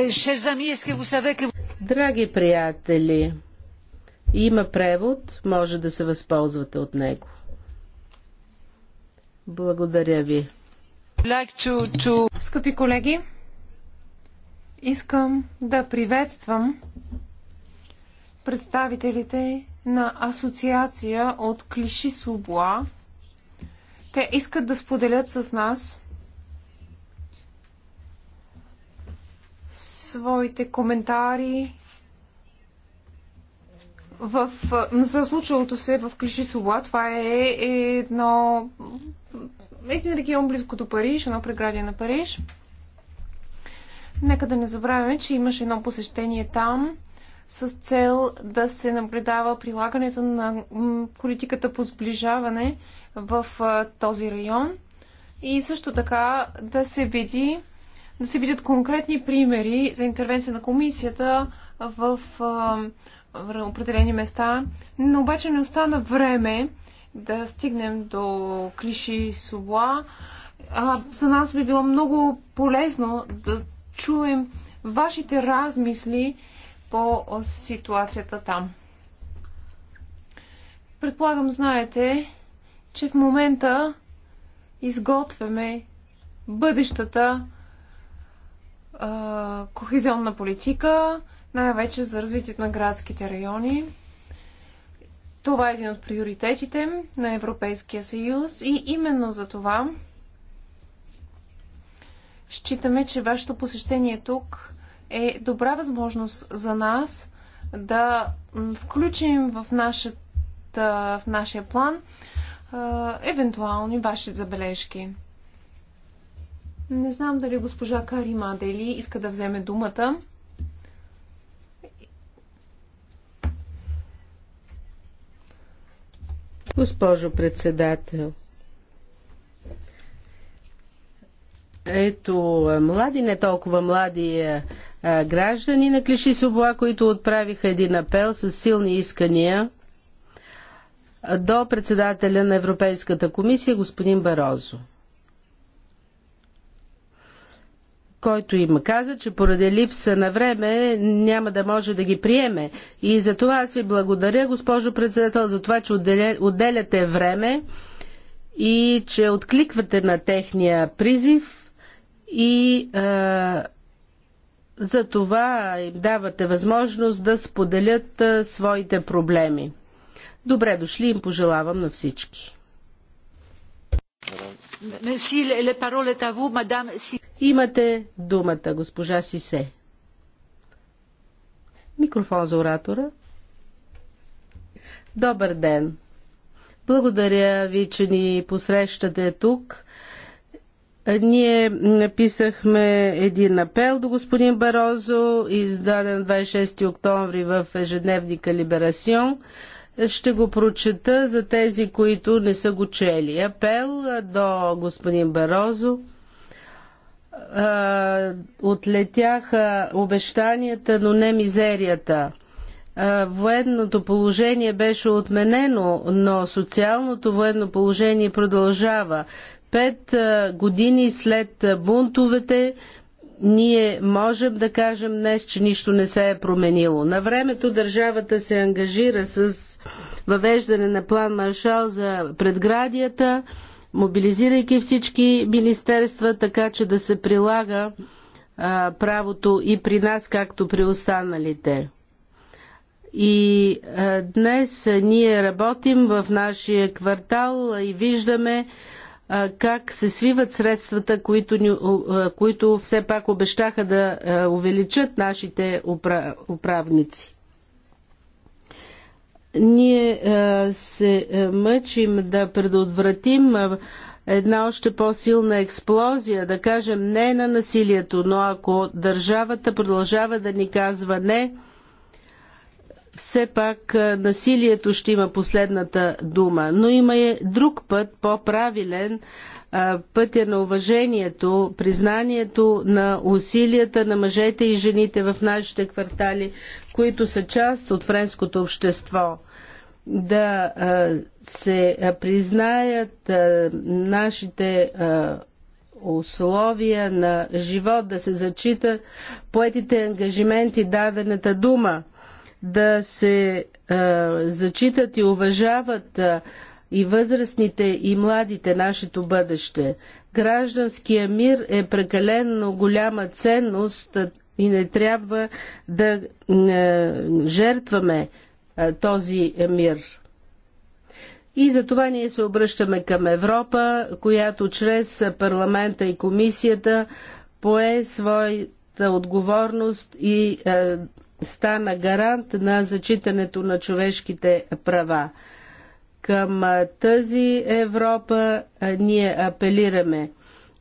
Eh, Драги приятели, има превод, може да се възползвате от него. Благодаря ви. Скъпи колеги, искам да приветствам представителите на асоциация от Клиши Субла. Те искат да споделят с нас своите коментари в, за случилото се в Клиши Субла. Това е едно, един регион близко до Париж, едно преградие на Париж. Нека да не забравяме, че имаше едно посещение там с цел да се наблюдава прилагането на политиката по сближаване в този район и също така да се види да се видят конкретни примери за интервенция на комисията в определени места, но обаче не остана време да стигнем до клиши Субла. А, за нас би било много полезно да чуем вашите размисли по ситуацията там. Предполагам, знаете, че в момента изготвяме бъдещата а, кохезионна политика, най-вече за развитието на градските райони. Това е един от приоритетите на Европейския съюз и именно за това считаме, че вашето посещение тук е добра възможност за нас да включим в, нашата, в нашия план евентуални ваши забележки. Не знам дали госпожа Кари Мадели иска да вземе думата. Госпожо председател, ето е, млади, не толкова млади е, е, граждани на Клиши Собола, които отправиха един апел с силни искания до председателя на Европейската комисия господин Барозо. който им каза, че поради липса на време няма да може да ги приеме. И за това аз ви благодаря, госпожо председател, за това, че отделяте време и че откликвате на техния призив и а, за това им давате възможност да споделят а, своите проблеми. Добре дошли им пожелавам на всички. Имате думата, госпожа Сисе. Микрофон за оратора. Добър ден! Благодаря ви, че ни посрещате тук. Ние написахме един апел до господин Барозо, издаден 26 октомври в ежедневника Либерасион. Ще го прочета за тези, които не са го чели. Апел до господин Барозо. Отлетяха обещанията, но не мизерията. Военното положение беше отменено, но социалното военно положение продължава. Пет години след бунтовете ние можем да кажем днес, че нищо не се е променило. На времето държавата се ангажира с въвеждане на план Маршал за предградията, мобилизирайки всички министерства, така че да се прилага а, правото и при нас, както при останалите. И а, днес а, ние работим в нашия квартал и виждаме, как се свиват средствата, които, ни, които все пак обещаха да увеличат нашите управници. Ние се мъчим да предотвратим една още по-силна експлозия, да кажем не на насилието, но ако държавата продължава да ни казва не, все пак насилието ще има последната дума. Но има и друг път, по-правилен, пътя на уважението, признанието на усилията на мъжете и жените в нашите квартали, които са част от френското общество. Да се признаят нашите условия на живот, да се зачитат, поетите ангажименти, дадената дума – да се зачитат и уважават и възрастните, и младите, нашето бъдеще. Гражданския мир е прекалено голяма ценност и не трябва да жертваме този мир. И за това ние се обръщаме към Европа, която чрез парламента и комисията пое своята отговорност и стана гарант на зачитането на човешките права. Към тази Европа ние апелираме.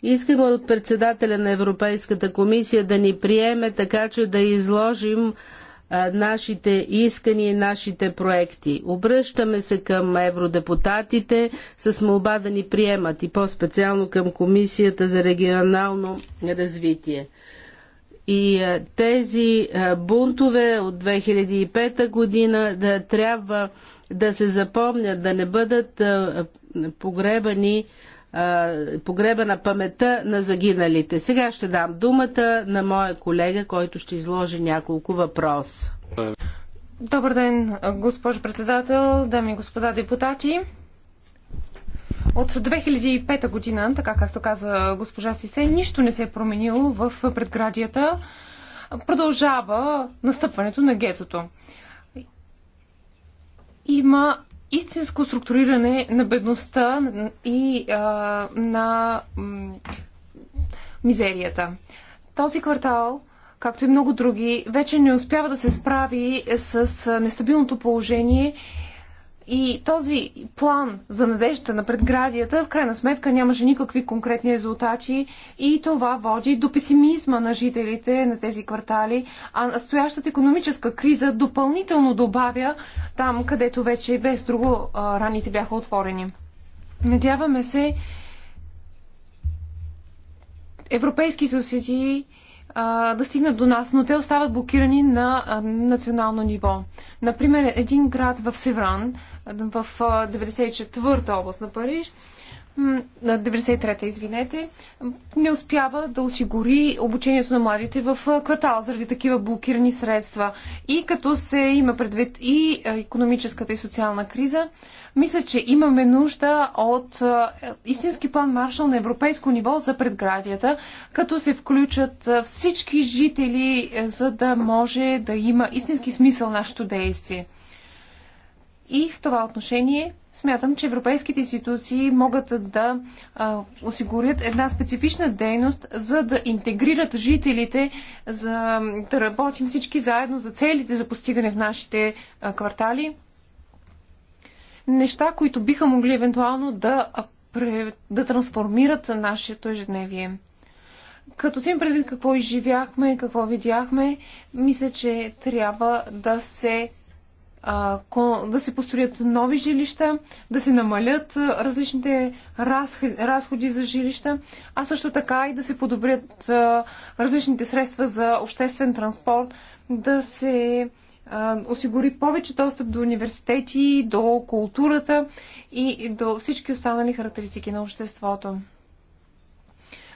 Искаме от председателя на Европейската комисия да ни приеме така, че да изложим нашите искания и нашите проекти. Обръщаме се към евродепутатите с молба да ни приемат и по-специално към Комисията за регионално развитие. И е, тези е, бунтове от 2005 година да трябва да се запомнят, да не бъдат е, погребани погреба на памета на загиналите. Сега ще дам думата на моя колега, който ще изложи няколко въпроса. Добър ден, госпожо председател, дами и господа депутати. От 2005 година, така както каза госпожа Сисе, нищо не се е променило в предградията. Продължава настъпването на гетото. Има истинско структуриране на бедността и а, на м, мизерията. Този квартал, както и много други, вече не успява да се справи с нестабилното положение и този план за надеждата на предградията в крайна сметка нямаше никакви конкретни резултати и това води до песимизма на жителите на тези квартали, а настоящата економическа криза допълнително добавя там, където вече и без друго раните бяха отворени. Надяваме се европейски субсидии да стигнат до нас, но те остават блокирани на национално ниво. Например, един град в Севран – в 94-та област на Париж, на 93-та, извинете, не успява да осигури обучението на младите в квартала заради такива блокирани средства. И като се има предвид и економическата и социална криза, мисля, че имаме нужда от истински план Маршал на европейско ниво за предградията, като се включат всички жители, е, за да може да има истински смисъл нашето действие. И в това отношение смятам, че европейските институции могат да а, осигурят една специфична дейност, за да интегрират жителите, за да работим всички заедно за целите за постигане в нашите а, квартали. Неща, които биха могли евентуално да, да трансформират нашето ежедневие. Като си предвид какво изживяхме, какво видяхме, мисля, че трябва да се да се построят нови жилища, да се намалят различните разходи за жилища, а също така и да се подобрят различните средства за обществен транспорт, да се осигури повече достъп до университети, до културата и до всички останали характеристики на обществото.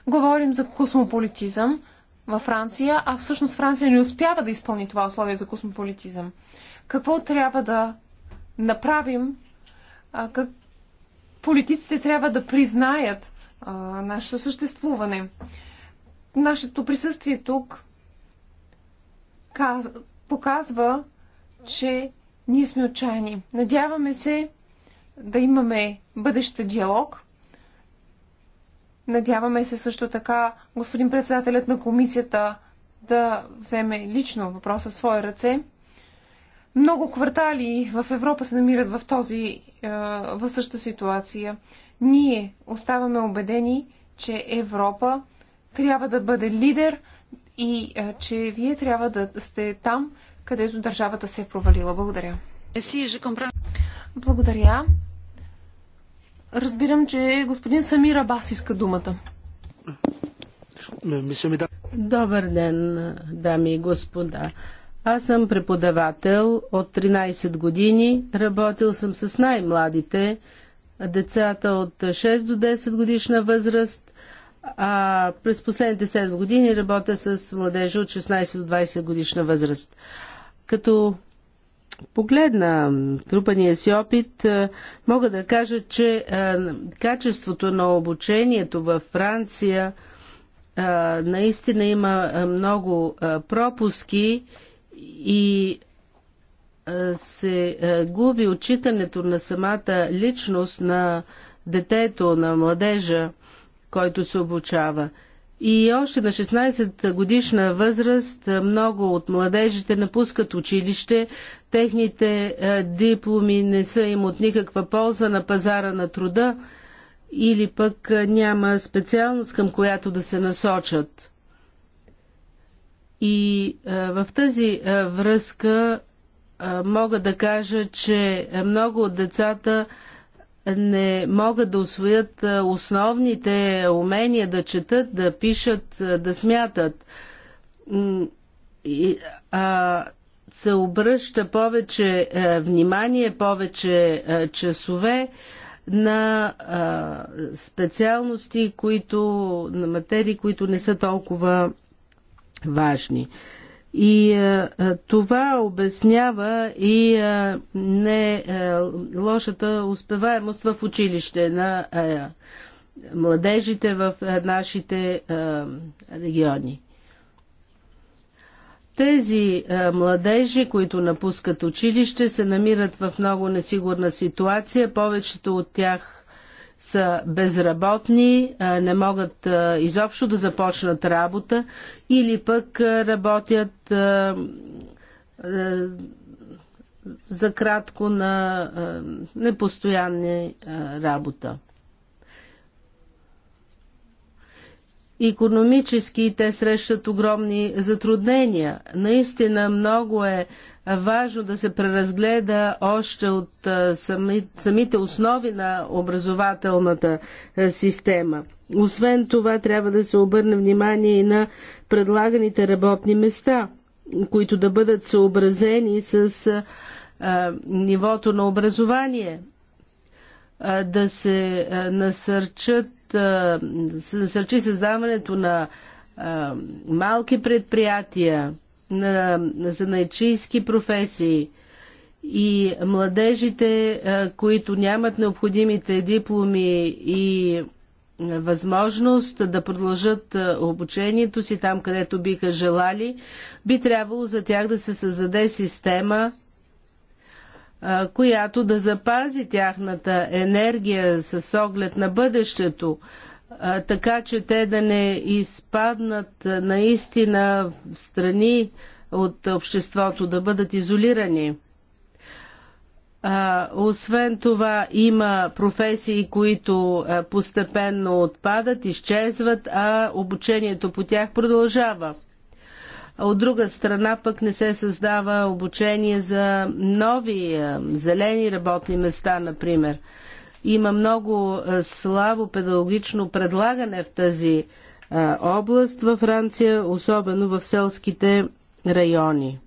Говорим за космополитизъм във Франция, а всъщност Франция не успява да изпълни това условие за космополитизъм какво трябва да направим, а, как политиците трябва да признаят а, нашето съществуване. Нашето присъствие тук каз... показва, че ние сме отчаяни. Надяваме се да имаме бъдеща диалог. Надяваме се също така господин председателят на комисията да вземе лично въпроса в свои ръце – много квартали в Европа се намират в този, е, в същата ситуация. Ние оставаме убедени, че Европа трябва да бъде лидер и е, че вие трябва да сте там, където държавата се е провалила. Благодаря. Благодаря. Разбирам, че господин Самир Абас иска думата. Добър ден, дами и господа. Аз съм преподавател от 13 години. Работил съм с най-младите, децата от 6 до 10 годишна възраст. А през последните 7 години работя с младежи от 16 до 20 годишна възраст. Като погледна трупания си опит, мога да кажа, че качеството на обучението във Франция наистина има много пропуски и се губи отчитането на самата личност на детето, на младежа, който се обучава. И още на 16 годишна възраст много от младежите напускат училище, техните дипломи не са им от никаква полза на пазара на труда или пък няма специалност към която да се насочат. И в тази връзка мога да кажа, че много от децата не могат да освоят основните умения да четат, да пишат, да смятат. А се обръща повече внимание, повече часове на специалности, които, на материи, които не са толкова важни. И а, е, е, това обяснява и а, е, не а, лошата успеваемост в училище на а, младежите в а, нашите а, региони. Тези а, младежи, които напускат училище, се намират в много несигурна ситуация. Повечето от тях са безработни, не могат изобщо да започнат работа или пък работят за кратко на непостоянни работа. Икономически те срещат огромни затруднения. Наистина много е важно да се преразгледа още от самите основи на образователната система. Освен това, трябва да се обърне внимание и на предлаганите работни места, които да бъдат съобразени с а, нивото на образование, а, да се насърчат, а, да се насърчи създаването на малки предприятия, на занайчийски професии и младежите, които нямат необходимите дипломи и възможност да продължат обучението си там, където биха желали, би трябвало за тях да се създаде система, която да запази тяхната енергия с оглед на бъдещето, така че те да не изпаднат наистина в страни от обществото, да бъдат изолирани. А, освен това има професии, които а, постепенно отпадат, изчезват, а обучението по тях продължава. От друга страна пък не се създава обучение за нови а, зелени работни места, например. Има много слабо педагогично предлагане в тази област във Франция, особено в селските райони.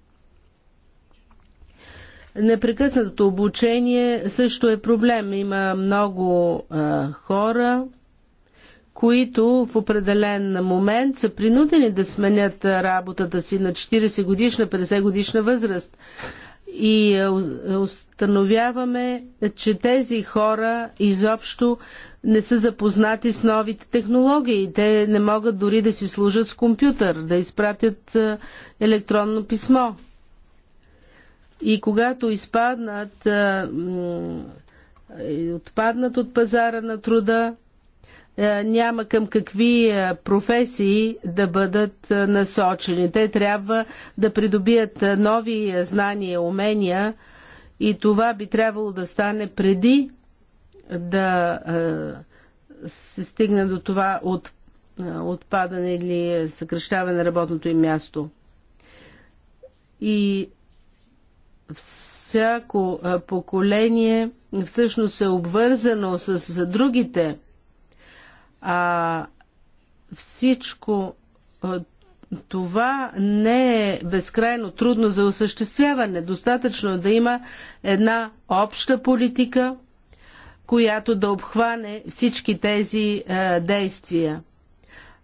Непрекъснатото обучение също е проблем. Има много а, хора, които в определен момент са принудени да сменят работата си на 40 годишна, 50 годишна възраст и е, е, установяваме, че тези хора изобщо не са запознати с новите технологии. Те не могат дори да си служат с компютър, да изпратят е, електронно писмо. И когато изпаднат, отпаднат от пазара на труда, е, няма към какви е, професии да бъдат е, насочени. Те трябва да придобият нови знания, умения и това би трябвало да стане преди да се стигне до това от отпадане или съкръщаване на работното им място. И всяко поколение всъщност е обвързано с другите а всичко това не е безкрайно трудно за осъществяване. Достатъчно е да има една обща политика, която да обхване всички тези е, действия.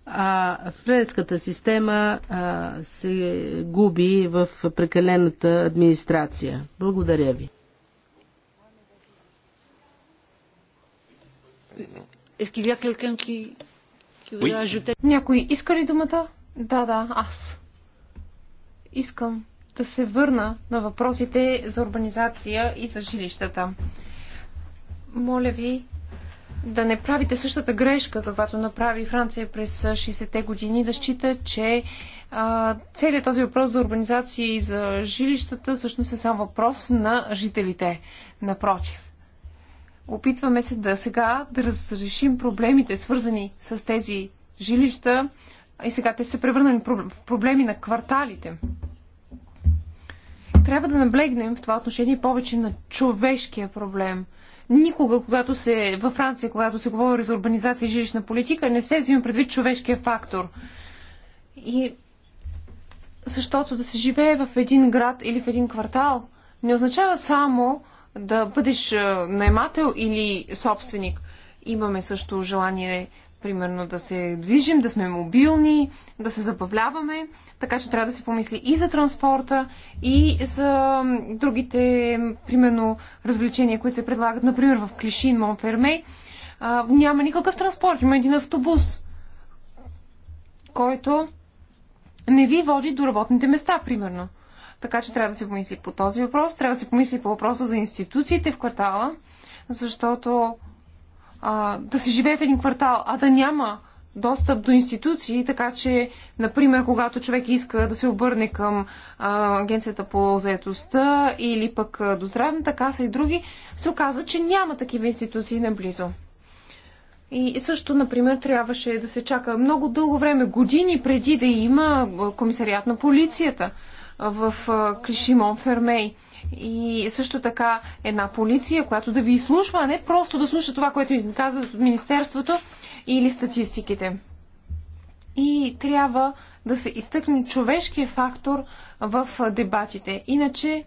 А френската система а, се губи в прекалената администрация. Благодаря ви. Някой иска ли думата? Да, да, аз. Искам да се върна на въпросите за урбанизация и за жилищата. Моля ви да не правите същата грешка, каквато направи Франция през 60-те години, да счита, че а, целият този въпрос за урбанизация и за жилищата всъщност е само въпрос на жителите. Напротив. Опитваме се да сега да разрешим проблемите, свързани с тези жилища, и сега те се превърнали в проблеми на кварталите. Трябва да наблегнем в това отношение повече на човешкия проблем. Никога, когато се, във Франция, когато се говори за урбанизация и жилищна политика, не се взима предвид човешкия фактор. И защото да се живее в един град или в един квартал не означава само да бъдеш наемател или собственик. Имаме също желание, примерно, да се движим, да сме мобилни, да се забавляваме, така че трябва да се помисли и за транспорта, и за другите, примерно, развлечения, които се предлагат, например, в Клишин, Монфермей. Няма никакъв транспорт, има един автобус, който не ви води до работните места, примерно. Така че трябва да се помисли по този въпрос. Трябва да се помисли по въпроса за институциите в квартала, защото а, да се живее в един квартал, а да няма достъп до институции, така че, например, когато човек иска да се обърне към а, агенцията по заедостта или пък а, до здравната каса и други, се оказва, че няма такива институции наблизо. И също, например, трябваше да се чака много дълго време, години преди да има комисариат на полицията в Клишимон Фермей. И също така една полиция, която да ви изслушва, а не просто да слуша това, което им казват от Министерството или статистиките. И трябва да се изтъкне човешкия фактор в дебатите. Иначе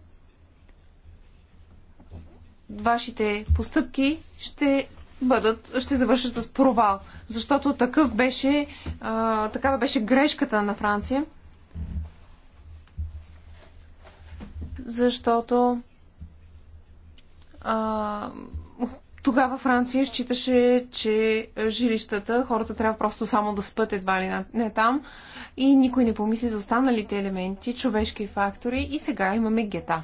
вашите постъпки ще бъдат, ще завършат с провал. Защото такъв беше, а, такава беше грешката на Франция. защото а, тогава Франция считаше, че жилищата, хората трябва просто само да спят едва ли не там и никой не помисли за останалите елементи, човешки фактори и сега имаме гета.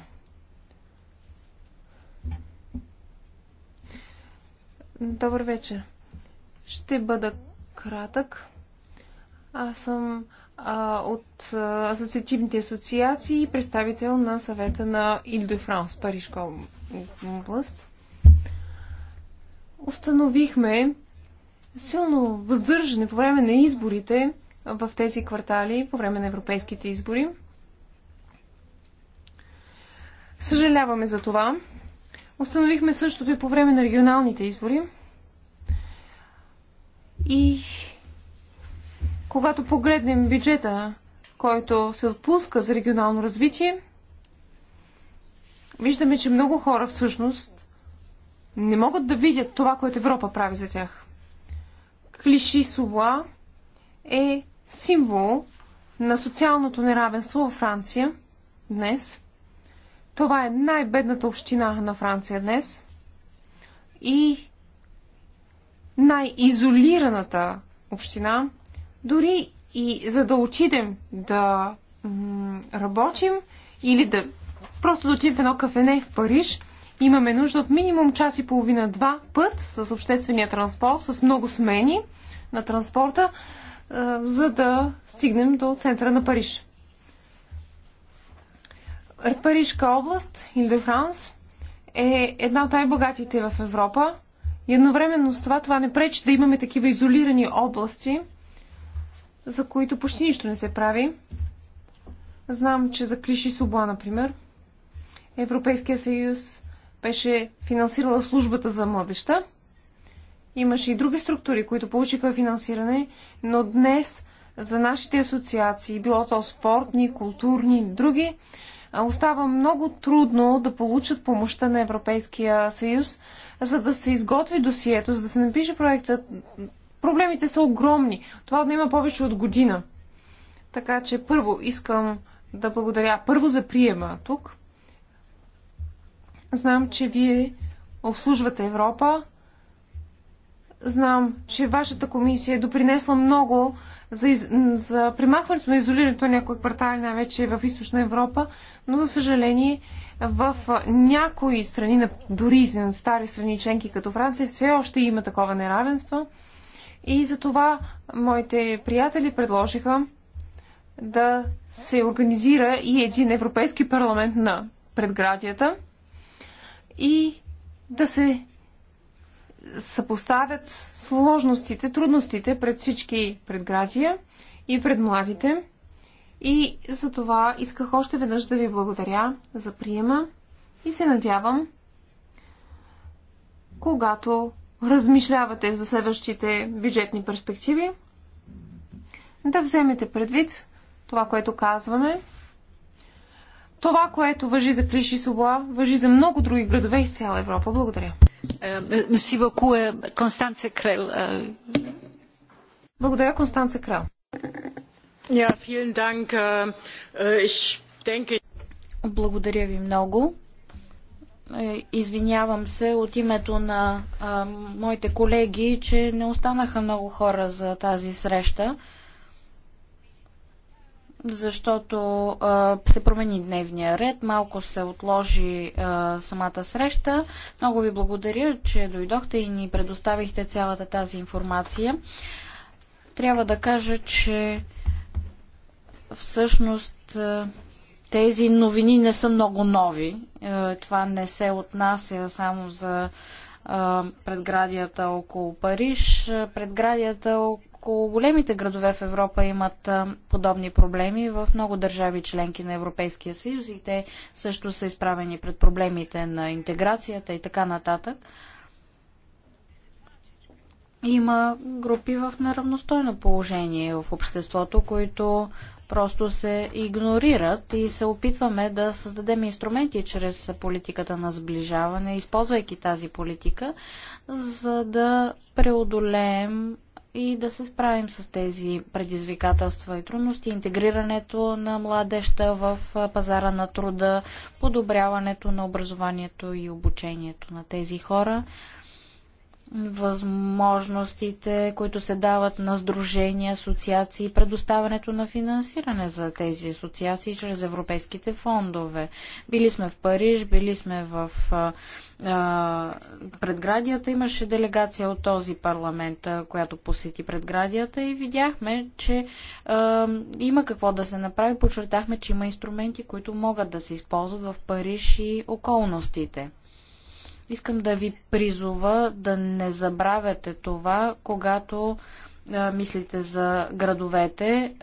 Добър вечер. Ще бъда кратък. Аз съм от асоциативните асоциации и представител на съвета на Ил де Франс, Парижка област. Установихме силно въздържане по време на изборите в тези квартали, по време на европейските избори. Съжаляваме за това. Установихме същото и по време на регионалните избори. И когато погледнем бюджета, който се отпуска за регионално развитие, виждаме, че много хора всъщност не могат да видят това, което Европа прави за тях. Клиши Сула е символ на социалното неравенство във Франция днес. Това е най-бедната община на Франция днес и най-изолираната община дори и за да отидем да работим или да просто да отидем в едно кафене в Париж, имаме нужда от минимум час и половина-два път с обществения транспорт, с много смени на транспорта, за да стигнем до центъра на Париж. Парижка област, Илде франс е една от най-богатите в Европа. И едновременно с това, това не пречи да имаме такива изолирани области – за които почти нищо не се прави. Знам, че за Клиши Собла, например, Европейския съюз беше финансирала службата за младеща. Имаше и други структури, които получиха финансиране, но днес за нашите асоциации, било то спортни, културни, други, остава много трудно да получат помощта на Европейския съюз, за да се изготви досието, за да се напише проекта проблемите са огромни. Това отнема повече от година. Така че първо искам да благодаря първо за приема тук. Знам, че вие обслужвате Европа. Знам, че вашата комисия е допринесла много за, из... за примахването на изолирането на някои квартали, най-вече в Източна Европа, но за съжаление в някои страни, дори на стари страни членки като Франция, все още има такова неравенство. И затова моите приятели предложиха да се организира и един Европейски парламент на предградията и да се съпоставят сложностите, трудностите пред всички предградия и пред младите. И за това исках още веднъж да ви благодаря за приема и се надявам, когато размишлявате за следващите бюджетни перспективи, да вземете предвид това, което казваме. Това, което въжи за Клиши Собла, въжи за много други градове из цяла Европа. Благодаря. Е, е. Благодаря, Констанция Крел. Е, Благодаря ви много. Е, извинявам се от името на а, моите колеги, че не останаха много хора за тази среща, защото а, се промени дневния ред, малко се отложи а, самата среща. Много ви благодаря, че дойдохте и ни предоставихте цялата тази информация. Трябва да кажа, че всъщност. А, тези новини не са много нови. Е, това не се отнася само за предградията около Париж. Е, предградията около големите градове в Европа имат подобни проблеми в много държави членки на Европейския съюз и те също са изправени пред проблемите на интеграцията и така нататък има групи в неравностойно положение в обществото, които просто се игнорират и се опитваме да създадем инструменти чрез политиката на сближаване, използвайки тази политика, за да преодолеем и да се справим с тези предизвикателства и трудности, интегрирането на младеща в пазара на труда, подобряването на образованието и обучението на тези хора възможностите, които се дават на сдружения, асоциации, предоставянето на финансиране за тези асоциации чрез европейските фондове. Били сме в Париж, били сме в а, а, предградията. Имаше делегация от този парламент, а, която посети предградията и видяхме, че а, има какво да се направи. Почертахме, че има инструменти, които могат да се използват в Париж и околностите. Искам да ви призова да не забравяте това, когато мислите за градовете.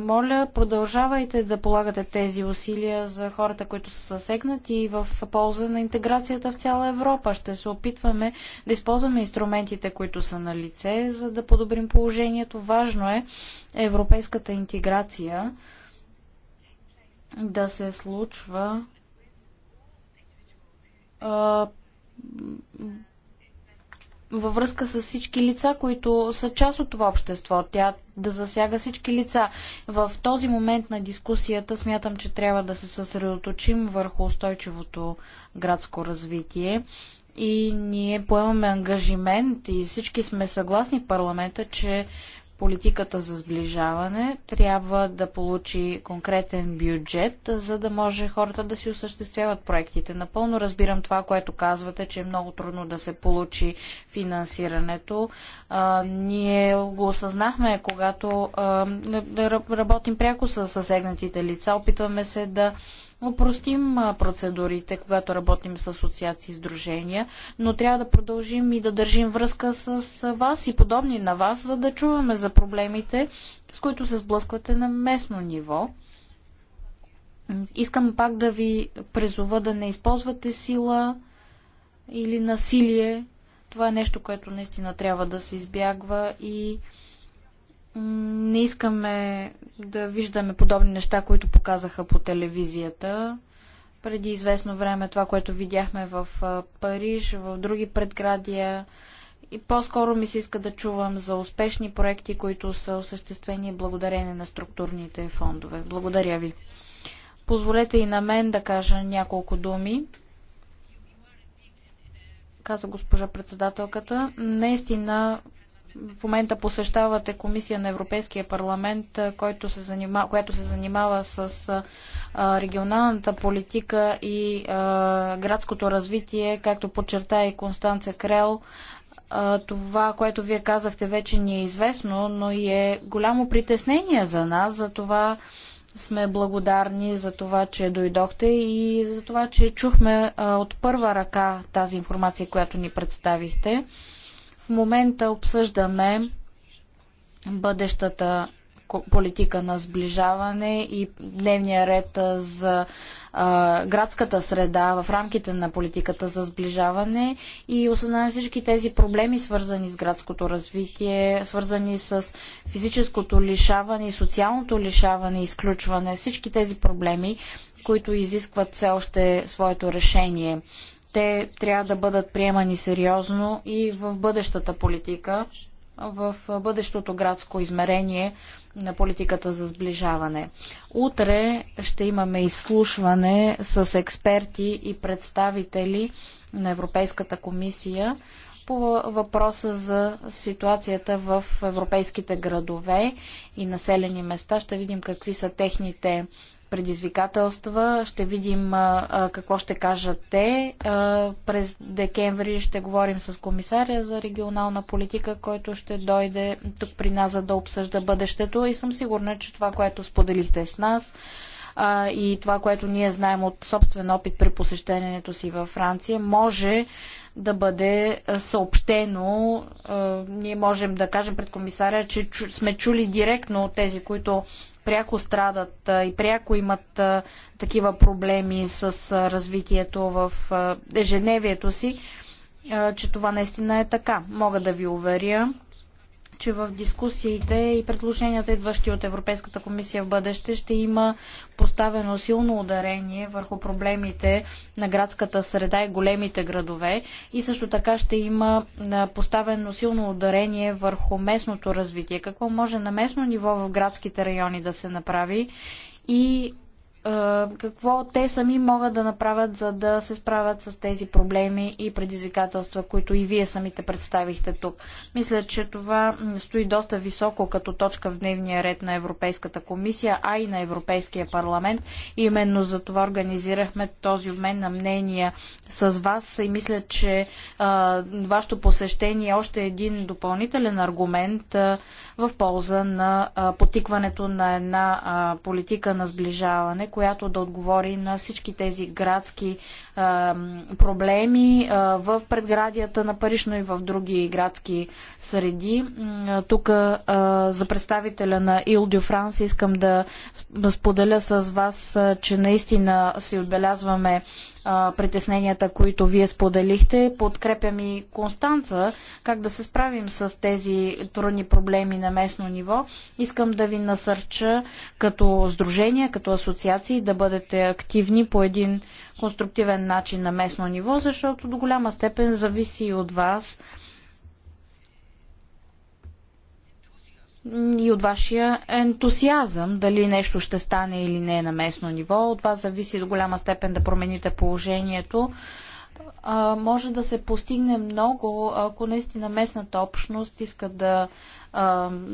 Моля, продължавайте да полагате тези усилия за хората, които са засегнати и в полза на интеграцията в цяла Европа. Ще се опитваме да използваме инструментите, които са на лице, за да подобрим положението. Важно е европейската интеграция да се случва във връзка с всички лица, които са част от това общество. Тя да засяга всички лица. В този момент на дискусията смятам, че трябва да се съсредоточим върху устойчивото градско развитие. И ние поемаме ангажимент и всички сме съгласни в парламента, че политиката за сближаване трябва да получи конкретен бюджет, за да може хората да си осъществяват проектите. Напълно разбирам това, което казвате, че е много трудно да се получи финансирането. А, ние го осъзнахме, когато а, да работим пряко с съсегнатите лица. Опитваме се да упростим процедурите, когато работим с асоциации, сдружения, но трябва да продължим и да държим връзка с вас и подобни на вас, за да чуваме за проблемите, с които се сблъсквате на местно ниво. Искам пак да ви призова да не използвате сила или насилие. Това е нещо, което наистина трябва да се избягва и не искаме да виждаме подобни неща, които показаха по телевизията. Преди известно време това, което видяхме в Париж, в други предградия. И по-скоро ми се иска да чувам за успешни проекти, които са осъществени благодарение на структурните фондове. Благодаря ви. Позволете и на мен да кажа няколко думи каза госпожа председателката. Наистина в момента посещавате комисия на Европейския парламент, който се занимава, която се занимава с регионалната политика и градското развитие, както подчерта и Констанца Крел. Това, което вие казахте, вече ни е известно, но и е голямо притеснение за нас, за това сме благодарни за това, че дойдохте и за това, че чухме от първа ръка тази информация, която ни представихте. В момента обсъждаме бъдещата политика на сближаване и дневния ред за а, градската среда в рамките на политиката за сближаване и осъзнаваме всички тези проблеми, свързани с градското развитие, свързани с физическото лишаване и социалното лишаване и изключване, всички тези проблеми, които изискват все още своето решение. Те трябва да бъдат приемани сериозно и в бъдещата политика, в бъдещото градско измерение на политиката за сближаване. Утре ще имаме изслушване с експерти и представители на Европейската комисия по въпроса за ситуацията в европейските градове и населени места. Ще видим какви са техните предизвикателства. Ще видим какво ще кажат те. През декември ще говорим с комисаря за регионална политика, който ще дойде тук при нас, за да обсъжда бъдещето. И съм сигурна, че това, което споделихте с нас, и това, което ние знаем от собствен опит при посещението си във Франция, може да бъде съобщено. Ние можем да кажем пред комисаря, че сме чули директно от тези, които пряко страдат и пряко имат такива проблеми с развитието в ежедневието си, че това наистина е така. Мога да ви уверя, че в дискусиите и предложенията, идващи от Европейската комисия в бъдеще, ще има поставено силно ударение върху проблемите на градската среда и големите градове и също така ще има поставено силно ударение върху местното развитие. Какво може на местно ниво в градските райони да се направи и какво те сами могат да направят, за да се справят с тези проблеми и предизвикателства, които и вие самите представихте тук. Мисля, че това стои доста високо като точка в дневния ред на Европейската комисия, а и на Европейския парламент. Именно за това организирахме този обмен на мнения с вас и мисля, че а, вашето посещение е още един допълнителен аргумент а, в полза на а, потикването на една а, политика на сближаване, която да отговори на всички тези градски а, проблеми а, в предградията на Париж, но и в други градски среди. Тук за представителя на Ил Дю Франс искам да споделя с вас, че наистина си отбелязваме а, притесненията, които вие споделихте. Подкрепям и Констанца как да се справим с тези трудни проблеми на местно ниво. Искам да ви насърча като сдружения, като асоциации да бъдете активни по един конструктивен начин на местно ниво, защото до голяма степен зависи и от вас и от вашия ентусиазъм, дали нещо ще стане или не на местно ниво. От вас зависи до голяма степен да промените положението. А, може да се постигне много, ако наистина местната общност иска да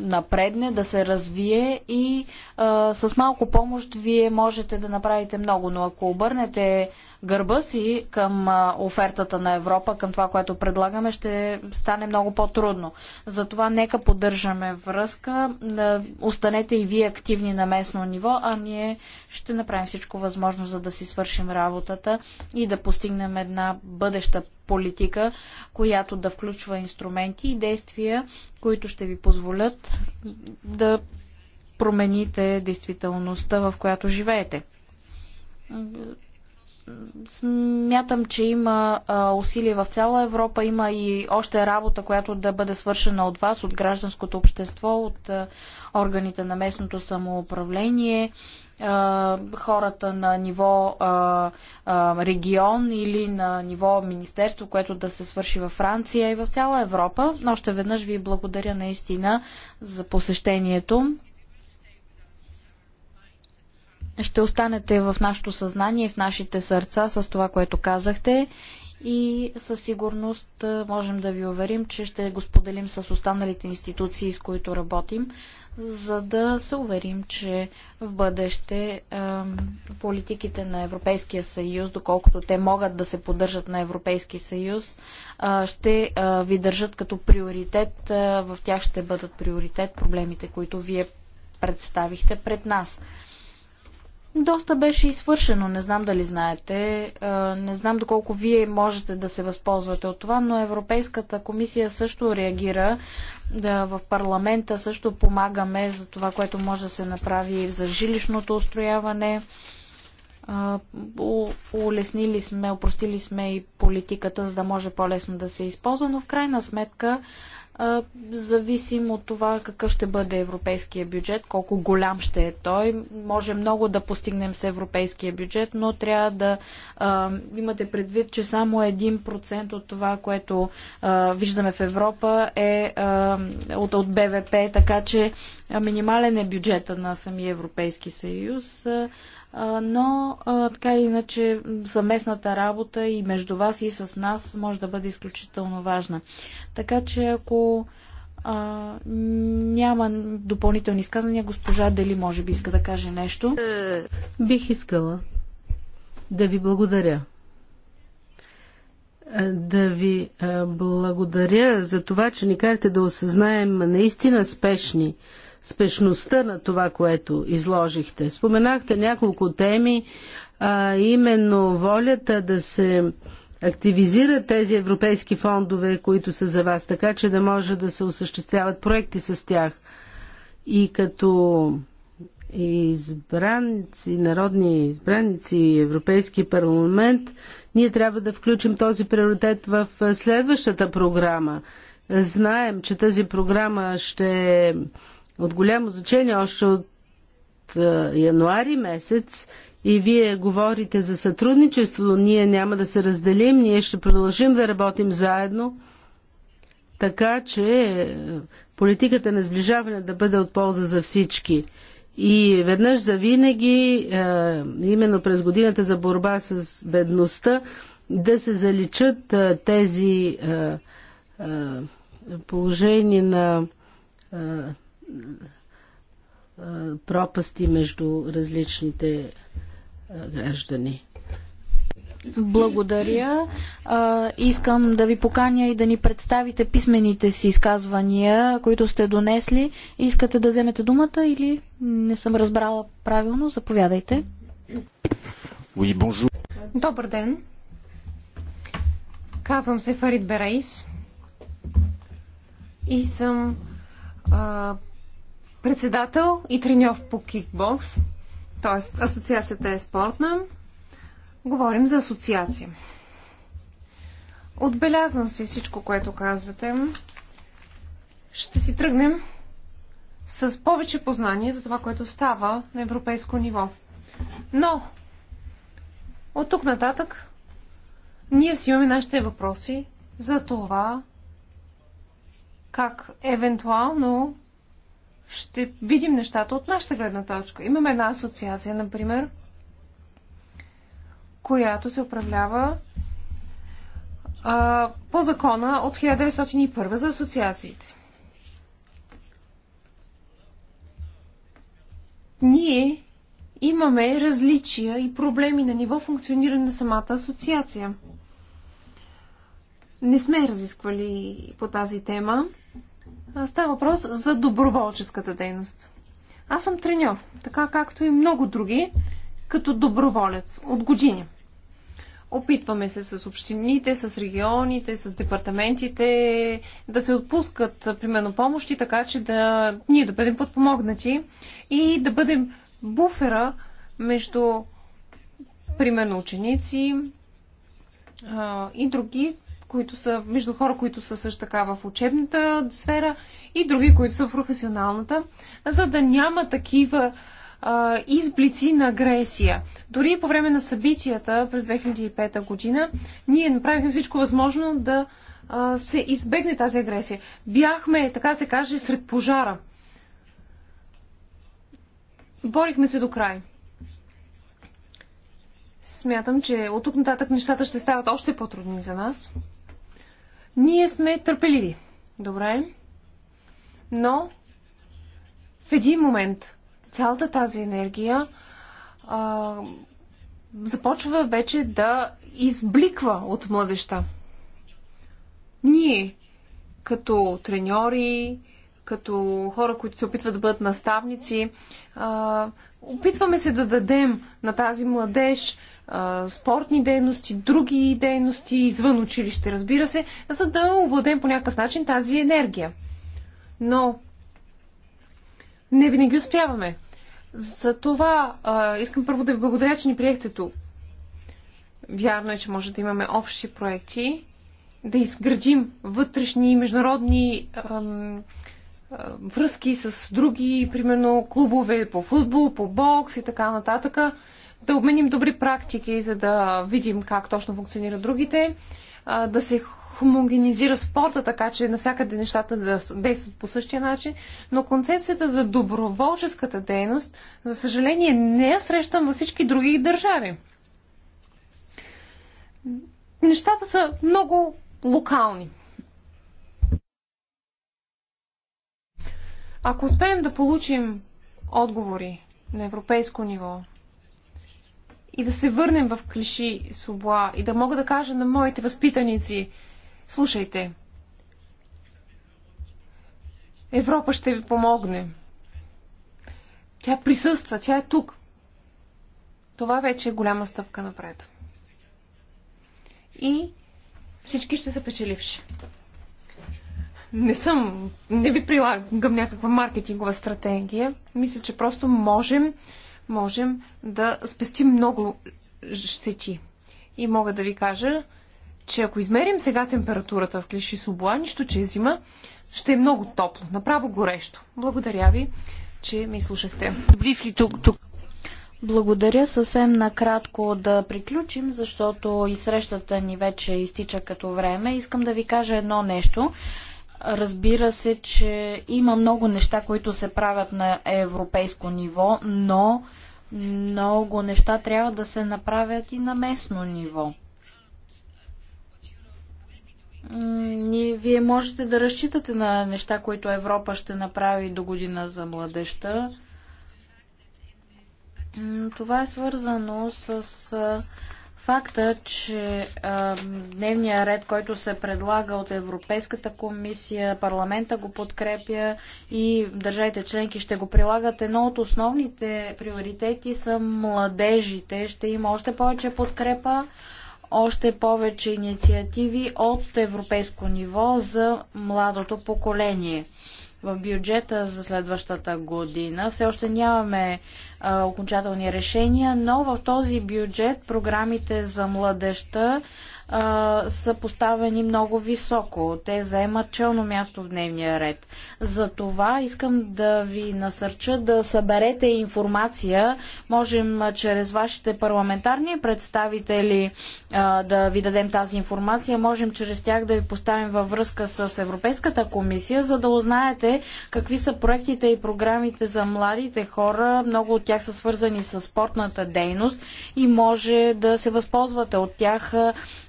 напредне, да се развие и а, с малко помощ вие можете да направите много. Но ако обърнете гърба си към а, офертата на Европа, към това, което предлагаме, ще стане много по-трудно. Затова нека поддържаме връзка, да останете и вие активни на местно ниво, а ние ще направим всичко възможно, за да си свършим работата и да постигнем една бъдеща политика, която да включва инструменти и действия, които ще ви позволят да промените действителността, в която живеете. Смятам, че има усилия в цяла Европа, има и още работа, която да бъде свършена от вас, от гражданското общество, от органите на местното самоуправление, хората на ниво регион или на ниво министерство, което да се свърши във Франция и в цяла Европа. Още веднъж ви благодаря наистина за посещението ще останете в нашето съзнание, в нашите сърца с това, което казахте и със сигурност можем да ви уверим, че ще го споделим с останалите институции, с които работим, за да се уверим, че в бъдеще е, политиките на Европейския съюз, доколкото те могат да се поддържат на Европейски съюз, е, ще е, ви държат като приоритет. Е, в тях ще бъдат приоритет проблемите, които вие представихте пред нас. Доста беше и свършено, не знам дали знаете. Не знам доколко вие можете да се възползвате от това, но Европейската комисия също реагира. Да, в парламента също помагаме за това, което може да се направи за жилищното устрояване. Улеснили сме, упростили сме и политиката, за да може по-лесно да се използва, но в крайна сметка зависим от това какъв ще бъде европейския бюджет, колко голям ще е той. Може много да постигнем с европейския бюджет, но трябва да а, имате предвид, че само 1% от това, което а, виждаме в Европа е а, от, от БВП, така че минимален е бюджета на самия Европейски съюз. А, но така или иначе съместната работа и между вас и с нас може да бъде изключително важна. Така че ако а, няма допълнителни изказвания, госпожа Дели може би иска да каже нещо. Бих искала да ви благодаря. Да ви благодаря за това, че ни карате да осъзнаем наистина спешни спешността на това, което изложихте. Споменахте няколко теми, а именно волята да се активизират тези европейски фондове, които са за вас, така че да може да се осъществяват проекти с тях. И като избранци, народни избранници, Европейски парламент, ние трябва да включим този приоритет в следващата програма. Знаем, че тази програма ще от голямо значение още от е, януари месец и вие говорите за сътрудничество, но ние няма да се разделим, ние ще продължим да работим заедно, така че е, политиката на сближаване да бъде от полза за всички. И веднъж за винаги, е, именно през годината за борба с бедността, да се заличат тези положения на пропасти между различните граждани. Благодаря. искам да ви поканя и да ни представите писмените си изказвания, които сте донесли. Искате да вземете думата или не съм разбрала правилно? Заповядайте. Добър ден. Казвам се Фарид Берейс и съм а, председател и треньор по кикбокс, т.е. асоциацията е спортна. Говорим за асоциация. Отбелязвам си всичко, което казвате. Ще си тръгнем с повече познание за това, което става на европейско ниво. Но, от тук нататък, ние си имаме нашите въпроси за това, как евентуално ще видим нещата от нашата гледна точка. Имаме една асоциация, например, която се управлява а, по закона от 1901 за асоциациите. Ние имаме различия и проблеми на ниво функциониране на самата асоциация. Не сме разисквали по тази тема. Става въпрос за доброволческата дейност. Аз съм треньор, така както и много други, като доброволец от години. Опитваме се с общините, с регионите, с департаментите да се отпускат, примерно, помощи, така че да ние да бъдем подпомогнати и да бъдем буфера между, примерно, ученици а, и други, които са между хора, които са също така в учебната сфера и други, които са в професионалната, за да няма такива а, изблици на агресия. Дори по време на събитията през 2005 година, ние направихме всичко възможно да а, се избегне тази агресия. Бяхме, така се каже, сред пожара. Борихме се до край. Смятам, че от тук нататък нещата ще стават още по-трудни за нас. Ние сме търпеливи. Добре. Но в един момент цялата тази енергия а, започва вече да избликва от младеща. Ние, като треньори, като хора, които се опитват да бъдат наставници, а, опитваме се да дадем на тази младеж спортни дейности, други дейности извън училище, разбира се, за да овладем по някакъв начин тази енергия. Но не винаги успяваме. За това а, искам първо да ви благодаря, че ни приехте тук. Вярно е, че може да имаме общи проекти, да изградим вътрешни и международни ам, а, връзки с други, примерно клубове по футбол, по бокс и така нататък да обменим добри практики, за да видим как точно функционират другите, да се хомогенизира спорта, така че навсякъде нещата да действат по същия начин, но концепцията за доброволческата дейност, за съжаление, не я срещам във всички други държави. Нещата са много локални. Ако успеем да получим отговори на европейско ниво, и да се върнем в клиши Собла и да мога да кажа на моите възпитаници, слушайте, Европа ще ви помогне. Тя присъства, тя е тук. Това вече е голяма стъпка напред. И всички ще са печеливши. Не съм, не ви прилагам някаква маркетингова стратегия. Мисля, че просто можем можем да спестим много щети. И мога да ви кажа, че ако измерим сега температурата в Клиши Субла, нищо, че е зима, ще е много топло, направо горещо. Благодаря ви, че ми слушахте. Благодаря. Съвсем накратко да приключим, защото и срещата ни вече изтича като време. Искам да ви кажа едно нещо. Разбира се, че има много неща, които се правят на европейско ниво, но много неща трябва да се направят и на местно ниво. вие можете да разчитате на неща, които Европа ще направи до година за младеща. Това е свързано с Факта, че а, дневния ред, който се предлага от Европейската комисия, парламента го подкрепя и държавите членки ще го прилагат, едно от основните приоритети са младежите. Ще има още повече подкрепа, още повече инициативи от европейско ниво за младото поколение в бюджета за следващата година. Все още нямаме а, окончателни решения, но в този бюджет програмите за младеща а, са поставени много високо. Те заемат челно място в дневния ред. За това искам да ви насърча да съберете информация. Можем чрез вашите парламентарни представители а, да ви дадем тази информация. Можем чрез тях да ви поставим във връзка с Европейската комисия, за да узнаете какви са проектите и програмите за младите хора. Много от тях са свързани с спортната дейност и може да се възползвате от тях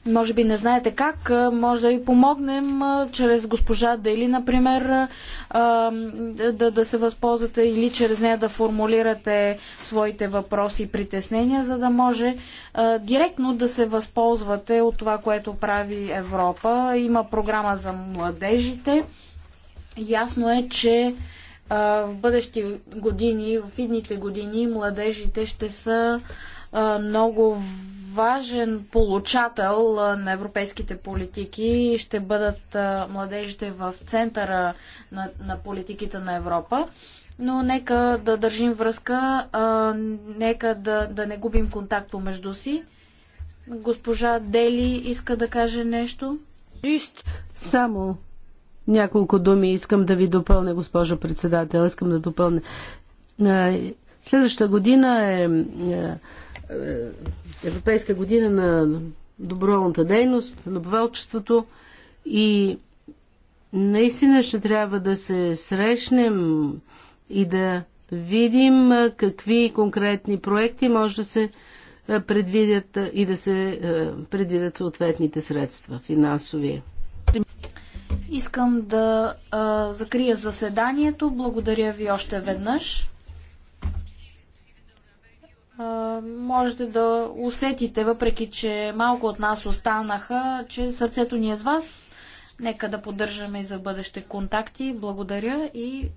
може би не знаете как, може да ви помогнем чрез госпожа Дели, например, да, да се възползвате или чрез нея да формулирате своите въпроси и притеснения, за да може директно да се възползвате от това, което прави Европа. Има програма за младежите. Ясно е, че в бъдещи години, в идните години, младежите ще са много важен получател на европейските политики ще бъдат младежите в центъра на, на политиките на Европа. Но нека да държим връзка, нека да, да не губим контакт помежду си. Госпожа Дели иска да каже нещо. Само няколко думи искам да ви допълня, госпожо председател. Искам да допълня. Следващата година е, е е, Европейска година на доброволната дейност, на доброволчеството и наистина ще трябва да се срещнем и да видим какви конкретни проекти може да се предвидят и да се предвидят съответните средства финансови. Искам да а, закрия заседанието. Благодаря ви още веднъж можете да усетите, въпреки че малко от нас останаха, че сърцето ни е с вас. Нека да поддържаме и за бъдеще контакти. Благодаря и